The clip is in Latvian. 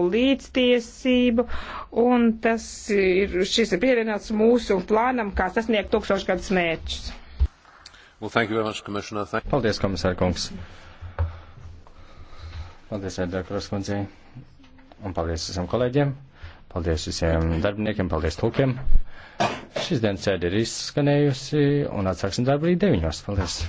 līdztiesību, un tas ir, šis ir pievienots mūsu plānam, kā sasniegt tūkstošgadus mērķus. Well, much, Paldies, komisār kungs. Paldies, Edgars kundzei. Un paldies visiem kolēģiem. Paldies visiem darbiniekiem, paldies tulkiem. Šis dienas sēde ir izskanējusi un atsāksim darbu arī deviņos. Paldies.